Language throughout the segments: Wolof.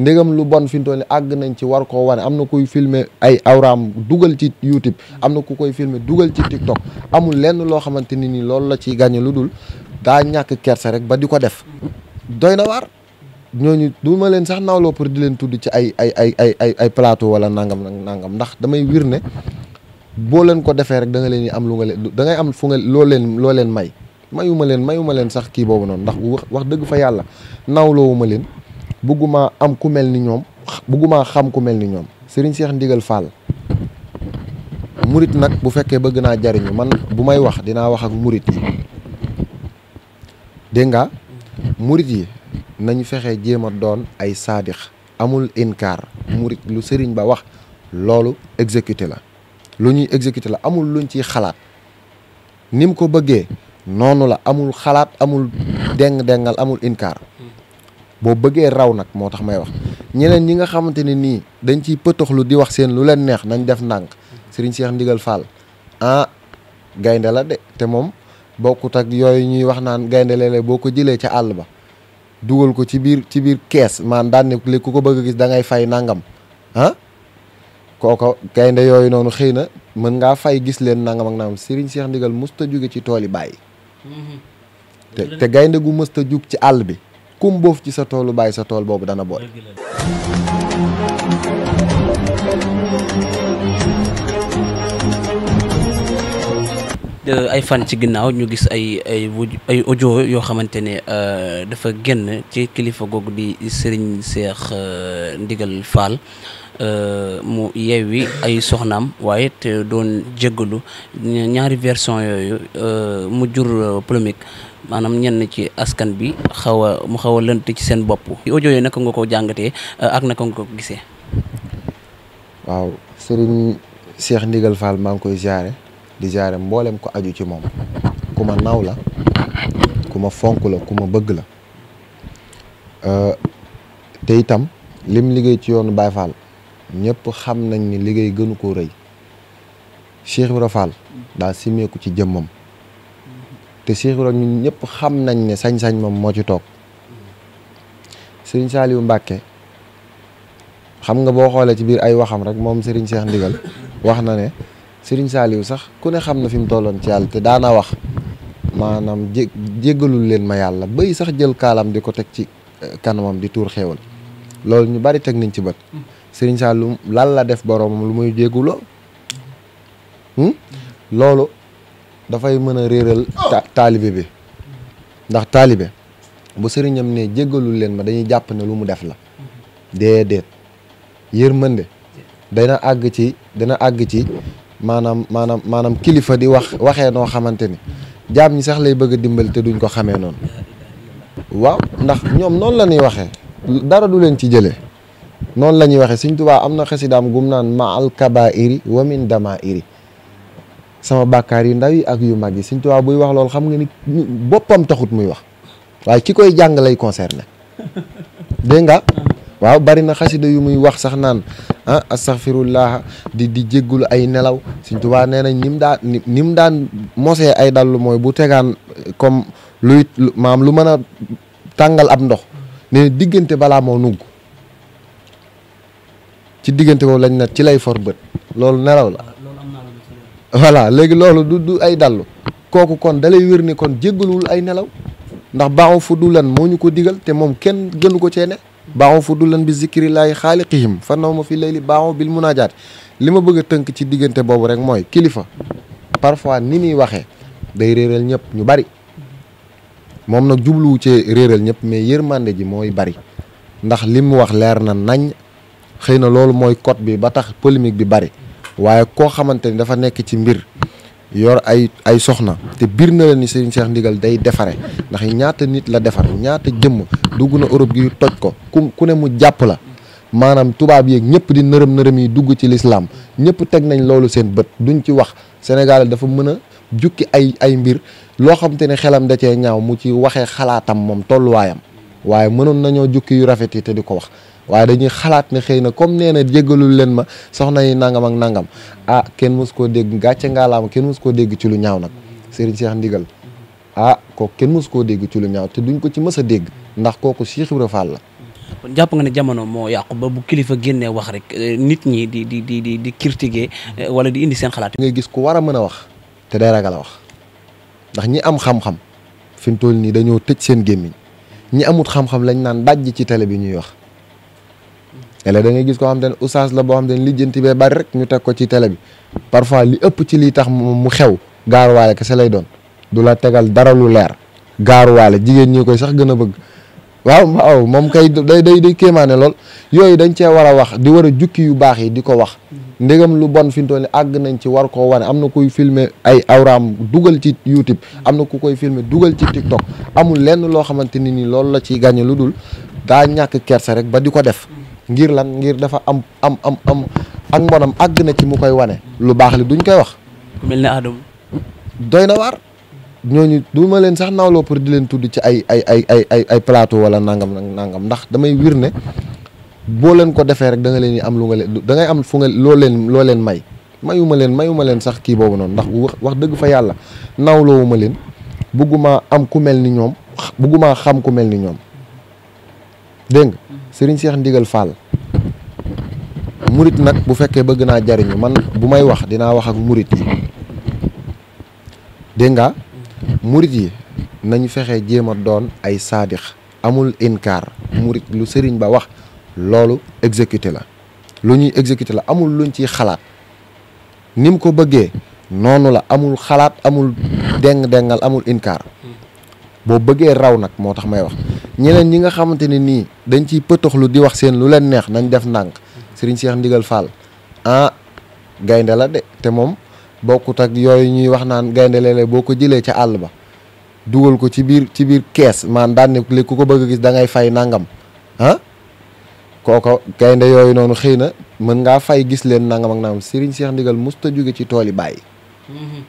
ndegam lu bon fintoon ni àgg nañ ci war koo wane am na koy filmer ay awraam dugal ci YouTube am na ku koy filmer dugal ci TikTok amul lenn loo xamante ni ni loolu la ciy gàññe lu dul daa ñàkk kersa rek ba di ko def doy na waar ñooñu du leen sax nawloo pour di leen tudd ci ay ay ay ay ay wala nangam nangam ndax damay wir ne boo leen ko defee rek da nga leen yi am lu nga leen da am fu nga loo leen may mayuma leen mayuma leen sax kii boobu noonu ndax wax dëgg fa yàlla nawloowu ma leen Buguma am ku melni ñom buguma xam ku melni ñom Serigne Cheikh Ndigal Fall murit nak bu fekke bëgg na jariñu man bu may wax dina wax ak murit yi de nga murit yi nañu fexé jema doon ay sadiq amul inkar, murit lu Serigne Ba wax lolu exécuter la lu ñuy la amul luñ halat, xalaat nim nonola. ko nonu la amul xalaat amul deng dengal amul inkar bo bëggé raw nak moo tax may wax ñeneen ñi nga xamanteni ni nii dañ ciy pëtoxlu di wax seen lu leen neex nañ def nank Serigne Cheikh Ndigal Fall ah gaynde la de te moom bokkut ak yooyu ñuy wax naan gaynde lélé léeg jilé ko all ba duggal ko ci biir ci biir caisse man ne ko bëgg gis da ngay fay nangam ah koko gaynde yoy nonu xeyna mën nga fay gis leen nangam ak nangam Serigne Cheikh Ndigal musta juggé ci toli mm-hmm. te gaynde gu musta jug ci all bi kum boof ci sa toolu bàyyi sa tool boobu dana booy ay fan ci ginnaaw ñu gis ay ay ay yoo xamante ne euh, dafa génn ci kilifa googu di Serigne Cheikh euh, Ndigal Fall euh, mu yeewi ay soxnaam waaye te doon jéggalu ñaari version yooyu mu jur polémique maanaam ñenn ci askan bi xaw a mu xaw a lënt ci seen bopp. audio yooyu naka nga ko jàngatee uh, ak naka nga ko gisee. waaw sëriñ Cheikh Ndigal Fall maa ngi koy jaare di jaare mboolem ko aju ci moom ku ma naw la ku fonk la ku ma bëgg la uh, te itam lim liggéey ci yoonu Baye Fall ñëpp xam nañ ni liggéey gënu koo rëy Cheikh Ibra Fall daa simeeku ci jëmmam. te Cheikh Ibra ñun ñëpp xam nañ ne sañ-sañ moom moo ci toog Serigne Saliou Mbacke xam nga boo xoolee ci biir ay waxam rek moom sëriñ Cheikh Ndigal wax na ne Serigne Saliou sax ku ne xam na fi mu tolloon ci yàlla te daana wax maanaam jé jéggalul leen ma yàlla bay sax jël kaalam di ko teg ci eh, kanamam di tuur xéewal loolu ñu bari teg nañ ci bët sëriñ Saliou lan la def boroomam lu muy jégguloo hmm? loolu dafay mën a réeral taalibe bi ndax taalibe bu sëriñam ne jéggalul leen ma dañuy jàpp ne lu mu def la déedéet yërmande dana àgg ci dana àgg ci maanaam maanaam maanaam kilifa di wax waxee noo xamante ni jaam ñi sax lay bëgg a dimbali te duñ ko xamee noonu waaw ndax ñoom noonu la ñuy waxee dara du leen ci jëlee noonu la ñuy waxee Sëriñ Tuubaa am na xasidaam gum naan ma al kabairi wa min sama bakari ndawi ndaw ak yu magi yi Sëñ Tuubaa buy wax loolu xam nga ni boppam taxut muy wax waaye ki koy jàng lay concerné dégg nga waaw bari na xasida yu muy wax sax naan ah astaghfirullah di di jéggulu ay nelaw Sëñ Tuubaa nee na nim daan ni mu daan mosee ay dallu mooy bu tegaan comme luy maam lu mën a tàngal ab ndox ne diggante balaa moo nugg ci lañ na ci lay for bët loolu nelaw la voilà léegi loolu du du ay dallu kooku kon dalay wér ni kon jéggaluwul ay nelaw ndax baaxoo fu du lan moo ñu ko digal te moom kenn gënu ko cee ne baaxoo fu du lan bi zikri laay xaaliqihim fa naw ma fi layli baaxoo bil munaajaat li ma bëgg a tënk ci diggante boobu rek mooy kilifa parfois ni muy waxee day réeral ñëpp ñu bari moom nag jubluwu ci réeral ñëpp mais mànde ji mooy bari ndax li mu wax leer na nañ xëy na loolu mooy code bi ba tax polémique bi bari waaye koo xamante ni dafa nekk ci mbir yor ay ay soxna te biir na la ni Serigne Cheikh Ndigal day defare ndax ñaata nit la defar ñaata jëmm dugg na Europe gi toj ko ku ku ne mu jàpp la maanaam tubaab yeeg ñëpp di nërëm nërëm yi dugg ci lislaam ñëpp teg nañ loolu seen bët duñ ci wax Sénégal dafa mën a jukki ay ay mbir loo xam te ne xelam da cee ñaaw mu ci waxee xalaatam moom tolluwaayam waaye mënoon nañoo jukki yu rafet yi te di ko wax waaye dañuy xalaat ne xëy na comme nee na jéggalul leen ma soxna yi nangam ak nangam ah kenn mos koo dégg gàcce ngaalaama kenn mos koo dégg ci lu ñaaw nag seen Cheikh Ndigal ah ko kenn mos koo dégg ci lu ñaaw te duñ ko ci mës a dégg ndax kooku Cheikh Ibra Fall la. kon jàpp nga ne jamono moo yàqu ba bu kilifa génnee wax rek euh, nit ñi di di di di di critiquer euh, wala di indi seen xalaat. ngay gis ku war a mën a wax te day ragal a wax ndax ñi am xam-xam fi mu toll nii dañoo tëj seen gémmiñ ñi amut xam-xam lañ naan dajj ci télé bi ñuy wax. léeg-léeg da ngay gis koo xam te ne oustaz la boo xam te ne lijjanti bee bari rek ñu teg ko ci tele bi parfois li ëpp ci liy tax mu xew gaaruwaale kese lay doon du la tegal dara lu leer gaaruwaale jigéen ñi koy sax gën a bëgg waaw waaw moom kay day day day kéemaane lool yooyu dañ cee war a wax di war a jukki yu baax yi di ko wax ndegam lu bon fi mu toll nii àgg nañ ci war koo wane am na kuy filme ay awraam dugal ci YouTube am na ku koy filmer dugal ci TikTok amul lenn loo xamante ni nii loolu la ciy gàññe lu dul daa ñàkk kersa rek ba di ko def ngir lan ngir dafa am am am am ak mbonam àgg na ci mu koy wane lu baax li duñ koy wax. mel ne Adama. doy na waar ñooñu du ma leen sax nawloo pour di leen tudd ci ay ay ay ay ay wala nangam nangam ndax damay wiir ne boo leen ko defee rek danga leen di am lu nga leen da ngay am fu nga loo leen loo leen may mayuma leen mayuma leen sax kii boobu noonu ndax wax dëgg fa yàlla nawloowuma leen bëgguma am ku mel ni ñoom bëgguma xam ku mel ni ñoom dégg nga Serigne Cheikh Ndigal Fall Murid nak bu fekke beug na jariñu man bu may wax dina wax ak murid yi de nga murid yi nañu fexé jema doon ay sadiq amul inkar murid lu bawah ba wax lolu exécuter la lu ñuy la amul luñ halat, xalaat nim ko bëggee nonu la amul xalaat amul deng-dengal amul inkar, bo bëggee raw nak motax may wax ñeneen ñi nga xamanteni ni dañ ci ciy lu di wax seen lu leen neex nañ def nank Serigne Cheikh Ndigal Fall ah gaynde la de te mom bokut ak yoy ñuy wax naan gaynde lele léeg jile ko jëlee ca ba duggal ko ci bir ci bir caisse man daan ne bëgg gis da ngay fay nangam ah koko gaynde yooyu noonu xëy mën nga fay gis len nangam ak nangam Serigne Cheikh Ndigal musta juggé ci toli yi mm-hmm.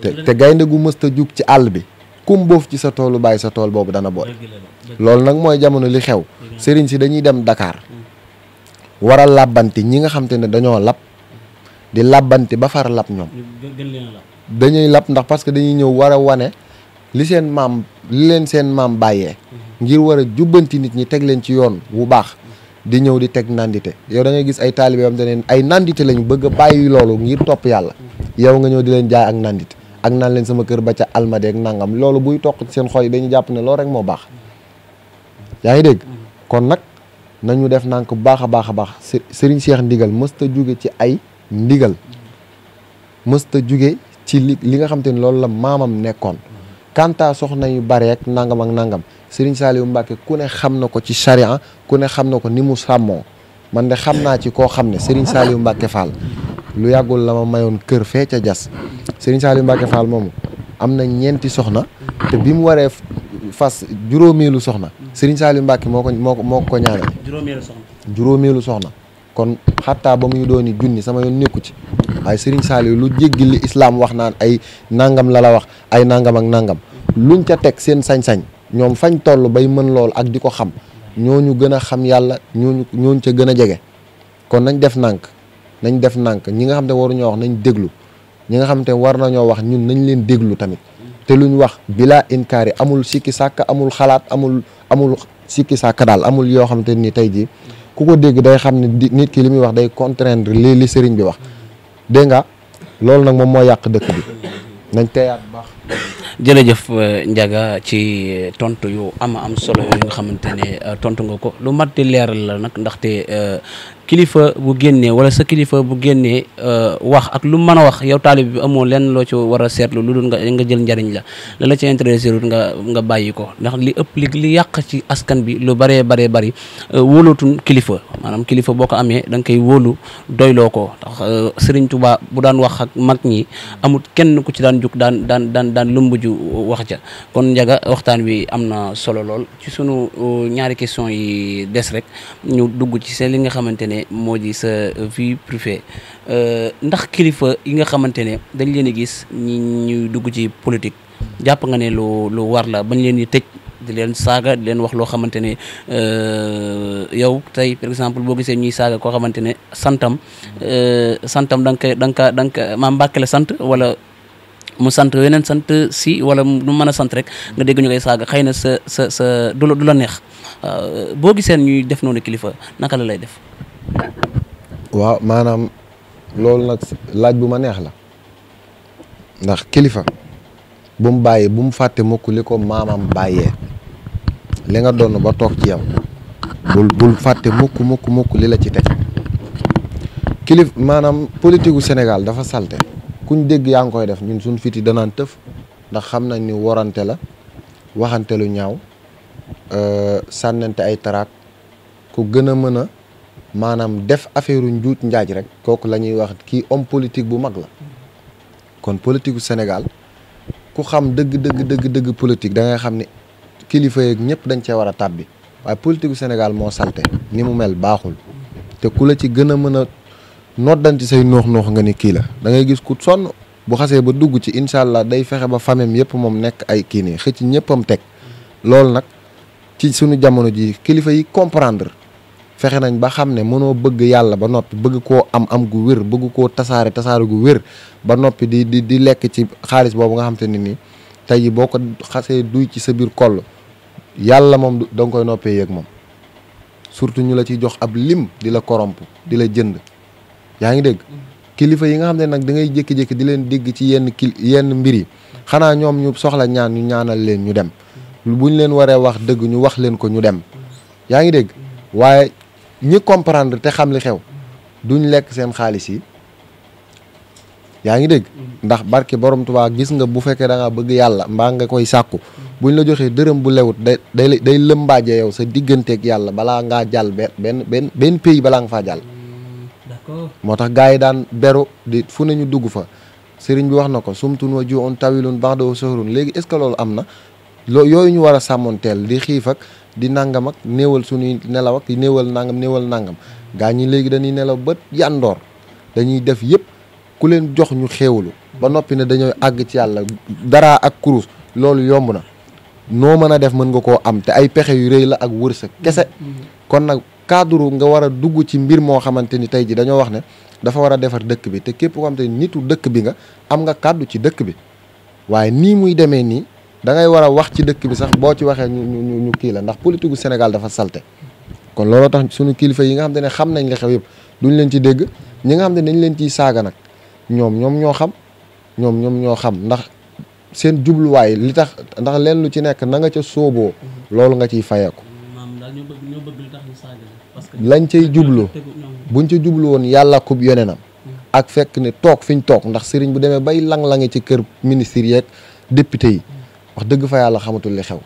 te te gaynde gu musta jug ci all bi kum bof ci sa tolu bàyyi sa tol bobu dana boy, lol nak moy jamono li xew Serigne ci dañuy dem Dakar war a làbbanti ñi nga xam te ne dañoo lab di làbbanti ba far lab ñoom dañuy lab ndax parce que dañuy ñëw war a wane li seen maam li leen seen maam bàyyee mhm. ngir war a jubbanti nit ñi teg leen ci yoon wu baax di ñëw di teg nandite yow da gis ay taalibe yoo xam te ne ay nandite lañu bëgg a bàyyi loolu ngir topp yàlla mhm. yow nga ñëw di leen jaay ak nandite ak naan leen sama kër ba ca almade ak nangam loolu buy toq ci seen xol yi dañuy jàpp ne loolu rek moo baax mhm. yaa dégg nañu def nànk bu baax a baax a baax Serigne Cheikh ndigal mësta jóge ci ay ndigal mësta juge ci li li nga xam ne loolu la maamam nekkoon kanta soxna yu bare ak nangam ak nangam Serigne Saliou Mbacke ku ne xam na ko ci charia ku ne xam na ko ni mu sàmmoo man de xam naa ci koo xam ne Serigne Saliou Mbacke Fall lu yàggul la ma mayoon kër fee ca jas Serigne Saliou Mbacke Fall moomu am na ñeenti soxna te bi mu waree fas juróomeelu soxna Serigne Saliou Mbacke moo ko moo ko ko ñaanal juróomeelu soxna juróomeelu soxna kon xattaa ba muy dooni junni sama yoon nekku ci waaye Serigne Saliou lu jéggi li islaam wax naan ay nangam la la wax ay nangam ak nangam luñ ca teg seen sañ-sañ ñoom fañ toll bay mën lool ak di ko xam ñoo ñu gën a xam yàlla ñu ñooñu ca gën a jege kon nañ def nànk nañ def nànk ñi nga xam te ñoo wax nañ déglu ñi nga xam te war nañoo wax ñun nañ leen déglu tamit te luñ wax bila inkaari amul sikki sàkk amul xalaat amul amul sikki sàkk daal amul yoo xam te ni tey jii ku ko dégg day xam ne nit ki li muy wax day contraindre li li sëriñ bi wax dégg nga loolu nag moom moo yàq dëkk bi nañ teeyaat baax. jërëjëf euh, Ndiaga ci euh, tontu yu am am solo yu nga xamante ne euh, tontu nga ko lu mat di leeral la nag ndaxte kilifa bu génnee wala sa kilifa bu génnee euh, wax ak lu mën a wax yow taalib bi amoo lenn loo ci war a seetlu lu dul nga nga jël njariñ la la la ci intéressé wut nga nga bàyyi ko ndax li ëpp li li yàq ci askan bi lu bëree baree bëri euh, wóolootuñ kilifa maanaam kilifa boo ko amee da nga koy wóolu doyloo ko tax euh, Sëriñ tubaa bu daan wax ak mag ñi amut kenn ku ci daan jug daan daan daan daan lumbuju wax ja kon njaga waxtaan wi am na solo lool ci sunu ñaari question yi des rek ñu dugg ci seen li nga xamante ne moo ji sa vie privée euh, ndax kilifa yi nga xamante ne dañ leen di gis ñi ñuy dugg ci politique jàpp nga ne lu lu war la bañ leen di tëj di leen saaga di leen wax loo xamante ne euh, yow tey par exemple boo gisee ñuy saaga koo xamante ne santam euh, santam da nga koy da nga sant wala mu sant weneen sant si wala mu mën a sant rek nga dégg ñu koy saaga xëy na sa sa sa du la du la neex boo giseen ñuy def noonu kilifa naka la lay def. waaw maanaam loolu nag laaj bu ma neex la ndax kilifa bu mu bàyyi bu mu fàtte mukk li ko maamam bàyyee li nga doon ba toog ci yam bul bul fàtte mukk mukk mukk li la ci teg kilif maanaam politique u Sénégal dafa salte kuñ dégg yaa ngi koy def ñun suñ fiti danaan tëf ndax xam nañ ni warante la waxante lu ñaaw euh, sànnante ay taraak ku gën a mën a manam def affaire njuuj njaaj rek kooku la ñuy wax homme politique bu mag la kon politique u Sénégal ku xam dëgg dëgg dëgg dëgg politique da ngay xam ni kilifa yeeg ñëpp dañ cee war a tàbbi politique u Sénégal moo salte ni mu mel baaxul te ku la ci gën a mën a say noox nga ni kii la da ngay gis ku sonn bu xasee ba dugg ci incha allah day fexe ba famem yëpp moom nekk ay kii nii kili ñëppam teg ci suñu jamono ji kilifa yi comprendre fexé nañ ba xamné mëno bëgg yalla ba nopi bëgg ko am am gu wër bëgg ko tassaré tassaru gu wër ba nopi di di di lek ci xaaliss bobu nga xamanteni ni ne nii tey boo ko ci sa bir koll yalla mom dang koy noppee yek mom surtout ñu la ci jox ab lim di la koromp di la jënd yaangi dégg kilifa yi nga xamné nak da ngay jék jék di leen dégg ci yenn kil yenn mbiri xana ñom ñu soxla ñaan ñu ñaanal leen ñu dem buñ leen waré wax dëgg ñu wax leen ko ñu dem yaangi dégg ñi comprendre te xam li xew duñ lekk seen xaalis yi yaa ngi dégg ndax barke boroom Tuubaa gis nga bu fekkee da bëgg yàlla mbaa nga koy sàkku buñ la joxee dërëm bu lewut day day day lëmbaaje yow sa digganteeg yàlla balaa ngaa jàll benn benn benn pays balaa nga faa jàll. moo tax gaa yi daan beru di fu nañu dugg fa sëriñ bi wax na ko sumtun wa juun tawilun ba'dahu sahrun léegi est-ce que loolu am na loo yooyu ñu war a sàmmoonteel di xiif ak di nangam ak néewal suñuy nelaw ak néewal nangam néewal nangam gaa ñi léegi dañuy nelaw ba yàndoor dañuy def yëpp ku leen jox ñu xéewalu ba noppi ne dañooy àgg ci yàlla dara ak kurus loolu yomb na noo mën a def mën nga koo am te ay pexe yu rëy la ak wërsëg kese kon nag cadre nga war a dugg ci mbir moo xamante ni tey ji dañoo wax ne dafa war a defar dëkk bi te képp ko xam te nitu dëkk bi nga am nga kàddu ci dëkk bi waaye nii muy demee nii da ngay war a wax ci dëkk bi sax boo ci waxee ñu ñu ñu kii la ndax politique gu Sénégal dafa salte kon looloo tax suñu kilifa yi nga xam te ne xam nañ li xew yëpp duñ leen ci dégg ñi nga xam ne dañ leen ciy saaga nag ñoom ñoom ñoo xam ñoom ñoom ñoo xam ndax seen jubluwaay li tax ndax leen lu ci nekk na nga ca sóoboo loolu nga ciy fayeeku lañ cay jublu buñ ca jublu woon yàlla kub yonenam hmm. ak fekk ne toog fiñ toog ndax sëriñ bu demee bay lang-langi ci kër ministre yeeg député yi wax dëgg fa yàlla xamatul li xew.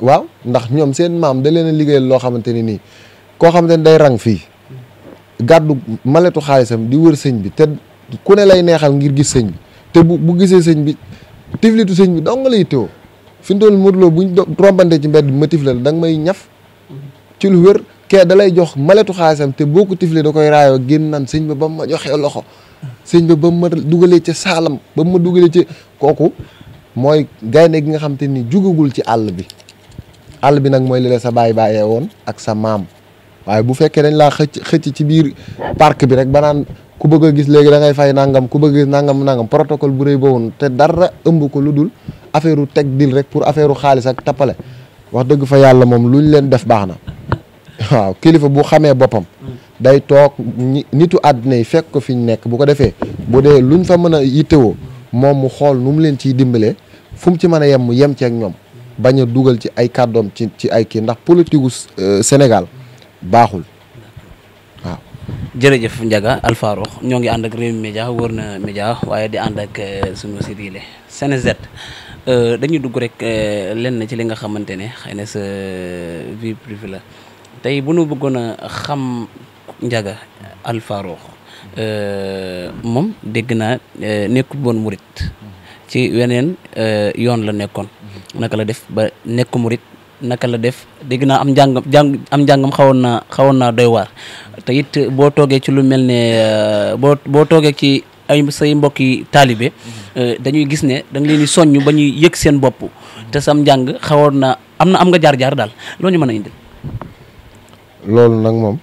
waaw ndax ñoom seen maam da leen a liggéeyal loo xamante ne nii koo xamante ne day rang fii gàddu maletu xaalisam di wër sëñ bi te ku ne lay neexal ngir gis sëñ bi te bu bu gisee sëñ bi tiflitu sëñ bi dong lay teewoo fi mu toll murloo buñ rombante ci mbedd ma tiflal da nga may ñaf ci lu wér kee da lay jox maletu xaalisam te boo ko tiflee da koy raayoo génn naan sëñ ba ba ma joxee loxo sëñ ba ba ma dugalee ca saalam ba ma dugalee ci kooku mooy gaynde gi nga xam te ni jugagul ci àll bi àll bi nag mooy li la sa baay bàyyee woon ak sa maam waaye bu fekkee dañ laa xëcc ci biir parc bi rek ba naan ku bëgg a gis léegi da fay nangam ku bëgg a gis nangam nangam protocole bu rëy boobu te dara ëmb ko lu dul affaire teg dil rek pour affaire u xaalis ak tappale wax dëgg fa yàlla moom lu ñu leen def baax na waaw kilifa bu xamee boppam. day toog nitu àddina yi fekk ko fi ñu nekk bu ko defee bu dee luñ fa mën a yittewoo. moom mu xool nu mu leen ciy dimbalee fu mu ci mën a yem mu yem ceeg ñoom bañ a dugal ci ay kàddoom ci ci ay kii ndax politique gu euh, Sénégal baaxul waaw. jërëjëf Ndiaga Alpha Rox ñoo ngi ànd ak réew mi wër na média waaye di ànd ak euh, sunu site yi Senez euh, dañuy dugg rek lenn ci li nga xamante ne xëy na sa vie privée la tey bu nu bëggoon a xam njaga Alpha Euh, moom dégg naa euh, nekkul boon murit ci weneen euh, yoon la nekkoon naka la def ba nekk murit naka la def dégg naa am njàngam jàng am njàngam xawoon naa xawoon naa doy waar te it boo toogee ci lu mel ne boo boo toogee ci ay say mbokki taalibe dañuy gis ne da nga leen soññ ba ñuy yëg seen bopp te sam njàng xawoon na am na am nga jaar-jaar daal loo ñu mën a indil loolu nag moom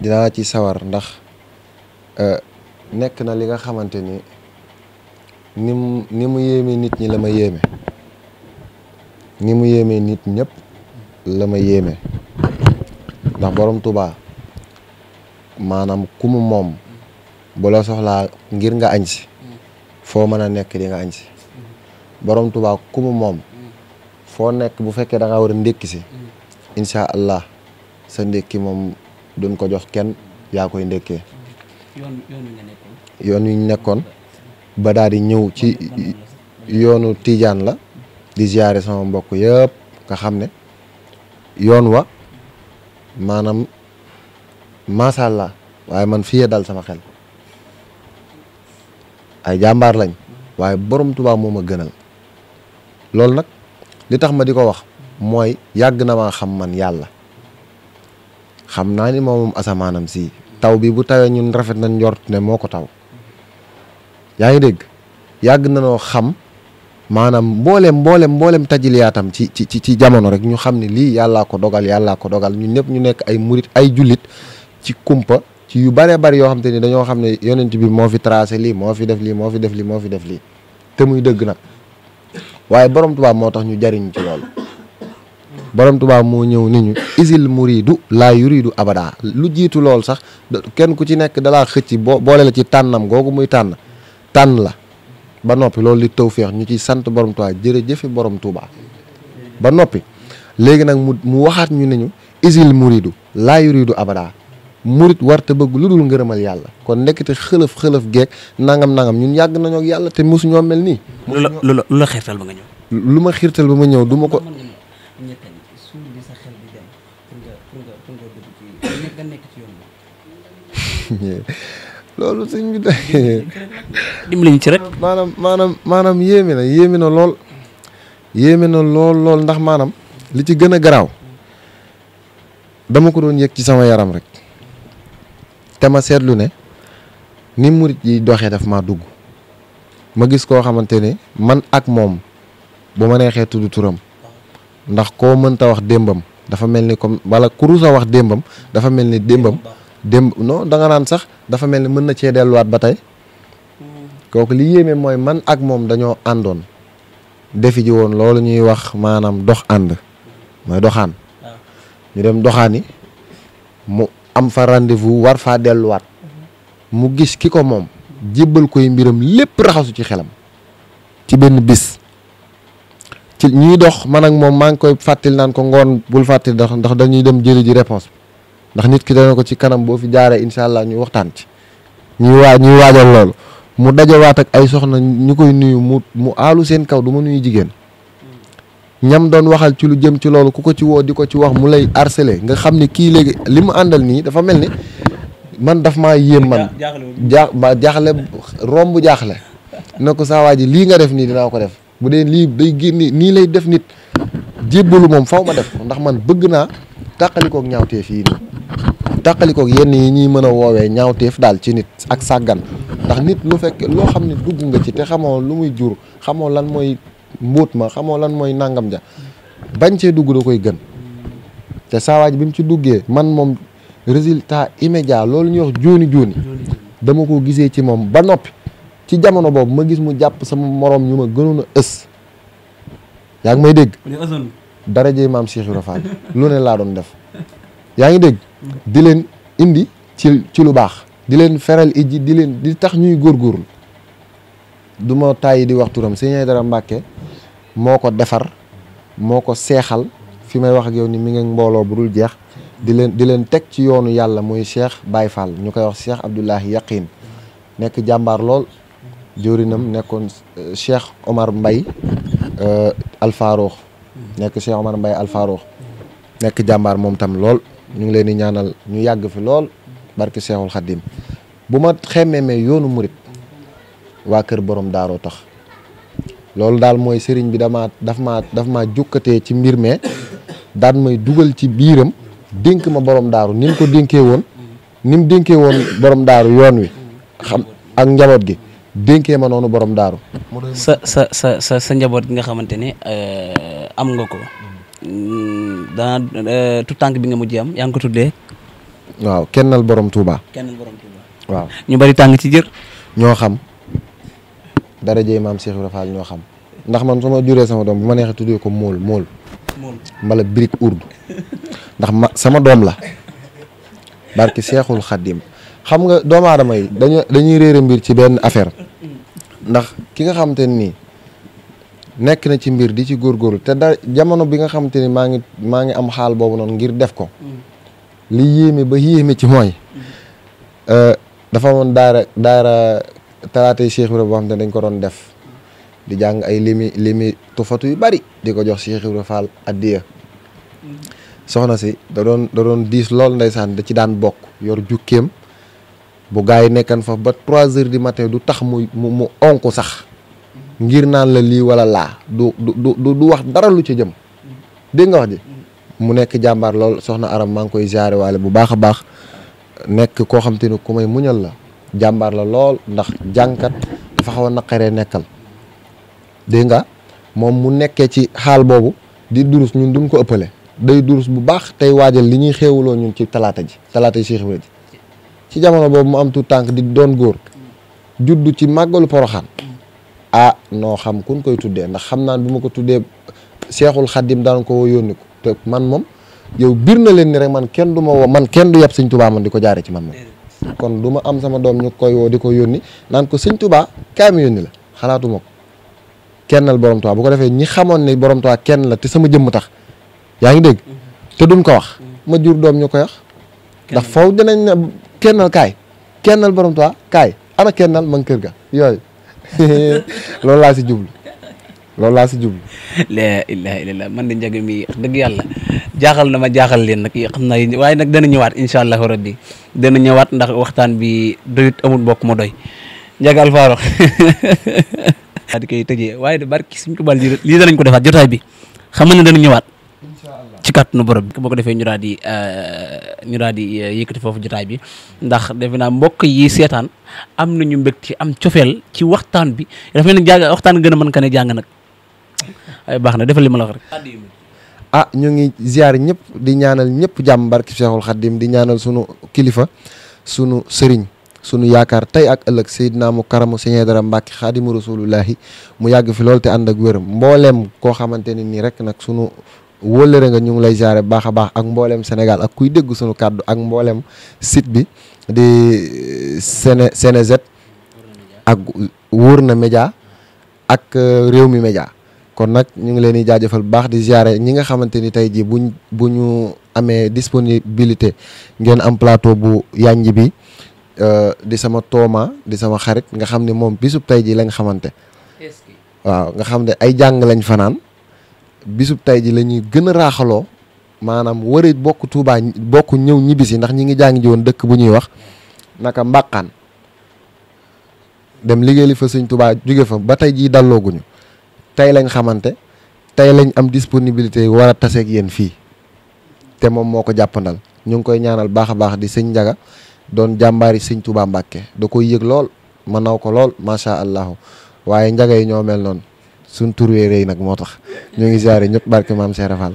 dinaa ci sawar ndax Eh, nek na li nga xamanteni nim nimu yeme nit ñi lama yeme nimu yeme nit ñep lama yeme ndax borom Tuubaa manam kumu mom bo la soxla ngir nga añ fo foo mën a nekk nga añ si borom Tuubaa kumu mom fo nek bu fekke da nga wara a ndékki allah sa ndékki mom duñ ko jox ken ya koy ndékkee yoon wi nekkoon ba daal ñëw ci yoonu tiijaan la di ziare sama mbokk yëpp nga xam ne yoon wa maanaam macha waaye man fii dal sama xel ay jàmbaar lañ waaye borom Tuubaa moo ma gënal loolu nag li tax ma di ko wax mooy yàgg na maa xam man yàlla xam naa ni moom moom asamaanam sii taw bi bu tawee ñun rafet nañ njort ne moo ko taw yaa ngi dégg yàgg na noo xam maanaam mboolem mboolem mboolem tajiliyaatam ci ci ci ci jamono rek ñu xam li lii ko dogal yàllaa ko dogal ñun ñëpp ñu nekk ay murit ay julit ci kumpa ci yu bare bari yoo xam te ni dañoo xam ne yonent bi moo fi tracé lii moo fi def lii moo fi def lii moo fi def lii te muy borom tubaab moo ñu jariñ ci loolu borom Tuubaa moo ñëw ni ñu isil muridu laa yuridu abada lu jiitu lool sax kenn ku ci nekk dalaa xëcc boo boole la ci tànnam googu muy tànn tànn la ba noppi loolu li tawféex ñu ciy sant borom Tuubaa jërëjëfe borom Tuubaa ba noppi léegi nag mu mu waxaat ñu ne ñu isil muridu laa yuridu abada murit te bëgg lu dul ngërëmal yàlla kon nekkte xëlëf xëlëf geeg nangam nangam ñun yàgg nañoo yàlla te mosu ñoo mel nii. lu la lu ba nga ñëw. ma xiirtal ba ma ñëw du ko. signé loolu sëñ bi day. dimbali ñu ci maanaam yéeme na yéeme na lool yéeme na lool lool ndax maanaam li ci gën a garaaw dama ko doon yëg ci sama yaram rek te ma seetlu ne ni murit yi doxee daf maa dugg ma gis koo xamante ne man ak moom bu ma neexee tudd turam ndax koo mënta wax démbam dafa mel ni comme walla ku wax démbam dafa mel ni démbam. démb non da naan sax dafa mel ni mën na cee delluwaat ba tey kooku li yéeme mooy man ak moom dañoo àndoon defiji woon loolu ñuy wax maanaam dox ànd mooy doxaan ah. ñu dem doxaani mu am fa rendez war faa delluwaat mm-hmm. mu gis ki ko moom jébbal koy mbiram lépp raxasu ci xelam ci benn bis ci ñuy dox man ak moom maa ngi koy fàttali naan ko ngoon bul fàttali ndax ndax dañuy dem jëli ji réponse ndax nit ki dana ko ci kanam boo fi jaaree incha allah ñu waxtaan ci ñuy waa ñuy waajal loolu mu dajawaat ak ay soxna ñu koy nuyu mu mu aalu seen kaw du ma nuyu jigéen ñam doon waxal ci lu jëm ci loolu ku ko ci woo di ko ci wax mu lay harcelé nga xam ni kii léegi li mu àndal nii dafa mel ni man daf maa yéem man jaa jaaxle romb jaaxle na ko saa waa ji lii nga def nii dinaa ko def bu dee lii day génni nii lay def nit jébbalu moom faw ma def ndax man bëgg naa tàqalikook ñaawtee fii tàqalikook yenn yi ñuy mën a woowee ñaawteef daal ci nit ak sàggan ndax nit lu fekk loo xam ne dugg nga ci te xamoo lu muy jur xamoo lan mooy mbóot ma xamoo lan mooy nangam ja bañ cee dugg da koy gën te saawaaj bi mu ci duggee man moom résultat immédiat loolu ñuy wax jooni jooni dama ko gisee ci moom ba noppi ci jamono boobu ma gis mu jàpp sama moroom ñu ma gënoon a ës yaa ngi may dégg dara jëy maam Cheikh Ibra Fall lu ne laa doon def yaa ngi dégg di len indi ci ci lu bax di len feral idi di len di tax ñuy gor du tay di waxtu ram seigneur dara Mbacke moko defar moko ko fi may wax ak yow ni mi ngi mbolo bu dul jeex di len di len tek ci yoonu yalla moy Cheikh Baye Fall ñu wax Cheikh abdullah Yaqin nek jambar lol jorinam nekkon euh, Cheikh Omar euh, al farouk nek Cheikh Omar al farouk nek jambar mom tam lol ñu ngi leen di ñaanal ñu yàgg fi lool barki seexul xaddim bu ma xemmemee yoonu murit waa kër borom daaroo tax loolu daal mooy sëriñ bi dama daf maa daf maa jukkatee ci mbir me daan may dugal ci biiram dénk ma borom daaru ni ko dénkee woon ni mu dénkee woon borom daaru yoon wi xam ak njaboot gi dénkee ma noonu borom daaru sa sa sa sa njaboot gi nga xamante ni euh, am nga ko dans tout tank bi nga mujj am yaa ngi ko waaw kennal borom Touba. kennal borom Touba. waaw ñu bari tàng ci jër. ño xam dara jey maam Cheikh rafal ño xam ndax man sama juré sama dom buma nexé tuddé ko mol mol urdu ndax sama dom la barki cheikhul khadim xam nga dom adamay dañuy dañuy réere mbir ci ben affaire ndax ki nga xamanteni nekk na ci mbir di ci góorgóorlu te da jamono bi nga xamante ni maa ngi maa ngi am xaal boobu noonu ngir def ko mm-hmm. li yéeme ba yéeme ci mooy mm-hmm. euh, dafa amoon daara daara talaata yi boo xam ne dañ ko doon def di jàng ay limi limi tufatu yu bari di ko jox Cheikh Ibra Fall addiya mm-hmm. soxna si da doon da doon diis lool ndeysaan da ci daan bokk yor jukkeem bu gars yi nekkan fa ba trois heures di matin du tax mu mu mu onk sax ngir naan la lii wala laa du du du wax dara lu ca jëm dégg nga wax ji mu nekk jàmbaar lool soxna aram maa ngi koy jaare waale bu baax a baax nekk koo xam te ne ku may muñal la jàmbaar la lool ndax jànkat dafa xaw a naqaree nekkal dégg nga moom mu nekkee ci xaal boobu di durus ñun duñ ko ëppale day durus bu baax tey waajal li ñuy xéewaloo ñun ci talaata ji talaata yi Cheikh Ibra ji ci jamono boobu mu am tout tànk di doon góor juddu ci màggalu poroxaan ah noo xam kun koy tuddee ndax xam naan bu ma ko tuddee seexul xaddim daan ko woo yónni ko te man moom yow biir na leen ni rek man kenn du ma woo man kenn du yab sëñ tubaa man di ko jaare ci man moom kon du ma am sama doom koy woo di ko yónni naan ko sëñ tubaa kaay mu la xalaatuma ko kennal borom tuwaa bu ko defee ñi xamoon ne borom tuwaa kenn la te sama jëmm tax yaa ngi dégg mm-hmm. te duñ ko wax mm-hmm. ma jur doom ñu koy wax ndax faw dinañ ne kennal kaay kennal borom tuwaa kaay ana kennal man kër ga yooyu loolu laa si jublu loolu laa si jublu. la ilaha illallah man de njëg mi dëgg yàlla jaaxal na ma jaaxal leen nag xam naa waaye nag dana ñëwaat incha allahu rabbi dana ñëwaat ndax waxtaan bi doyut amul mbokk ma doy njëg alfaaro. daal di koy tëjee waaye de barki suñu tubaab lii lii ko defaat jotaay bi xam dana ñëwaat. ci kàttanu borom bi. boo ko defee ñu daal euh, ñu daal di euh, yëkkati foofu jotaay bi ndax defe naa mbokk yi seetaan am nañu ci am cofeel ci waxtaan bi dafa mel ni gën a mën ka ne jàng nag baax na defal li ma la ah, ngi ziar ñëpp di ñaanal ñëpp jàmm barki Cheikhul Khadim di ñaanal sunu kilifa sunu sëriñ. sunu yaakaar tey ak ëllëg Seydina mu karamu Sëñ Dara Mbàkke xaadimu rasulullahi mu yàgg fi lool te ànd ak wér mbooleem koo xamante ne nii rek nag sunu wóllëre nga ñu ngi lay jaare baax a baax ak mboolem Sénégal ak kuy dégg sunu kàddu ak mbooleem sit bi di Séné eh, Sénéz ak wóor na média ak eh, réew mi média kon nag ñu ngi leen di jaajëfal bu baax di ziare ñi nga xamante ni tey jii buñ bu ñu amee disponibilité ngeen am plateau bu yanj bi eh, di sama tooma di sama xarit nga xam ne moom bisub tey jii lañ xamante waaw nga xam ne ay jàng lañ fanaan bisub tey ji lañuy ñuy gën a raaxaloo maanaam war bokk Touba bokk ñëw ñibbisi ndax ñi ngi jàngi ji woon dëkk bu ñuy wax naka mbàqaan dem liggéey li fa sëñ Touba jóge fa ba tey jii dallooguñu tey lañ xamante tey lañ am disponibilité war a taseeg yéen fii te moom moo ko jàppandal ñu ngi koy ñaanal baax a baax di sëñ Njaga doon jàmbaari sëñ Touba Mbàkke da koy yëg lool ma naw ko lool macha allah waaye njaga yi ñoo mel noonu suñ tur wee nag moo tax ñoo ngi ziare ñëpp barke maam Cheikh Rafal.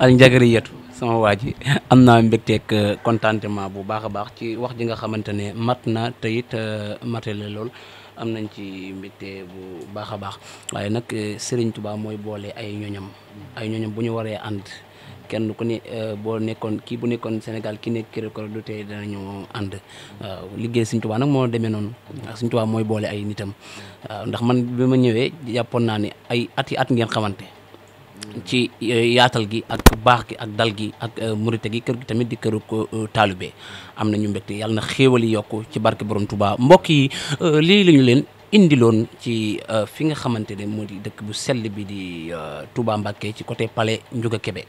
Aliou Ndiagari yetu sama waa ji am na mbégteeg euh, contentement bu baax a baax ci wax ji nga xamante ne mat na te it euh, matale lool. am nañ ci mbégte bu baax a baax waaye nag euh, Serigne Touba mooy boole ay ñoñam ay ñoñam bu ñu waree ànd kenn ku ne euh, boo nekkoon kii bu nekkoon Sénégal ki ne nekk Quercoeur du tey danañu ànd euh, liggéey Sëñ Tuubaa nag moo demee noonu ak Sëñ mooy boole ay nitam euh, ndax man bi ma ñëwee jàppoon naa ne ay at yi at ngeen xamante ci yaatal gi ak baax gi ak dal gi ak murite gi kër gi tamit di këru ko taalibe am na ñu mbégte yàlla na xéewal yi yokk ci barke borom tubaa mbokk yi lii lañu ñu leen indiloon ci fi nga xamante ne moo di dëkk bu sell bi di Touba Mbacké ci côté pale Ndiouga Kébé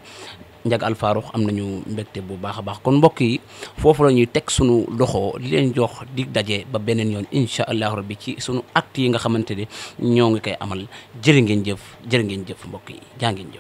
njag Al Farouk am nañu mbégte bu baax a baax kon mbokk yi foofu la ñuy teg suñu loxo di leen jox di daje ba beneen yoon incha allahu rabbi ci suñu acte yi nga xamante ne ñoo ngi koy amal jërë ngeen jëf jërë ngeen jëf mbokk yi jaa jëf.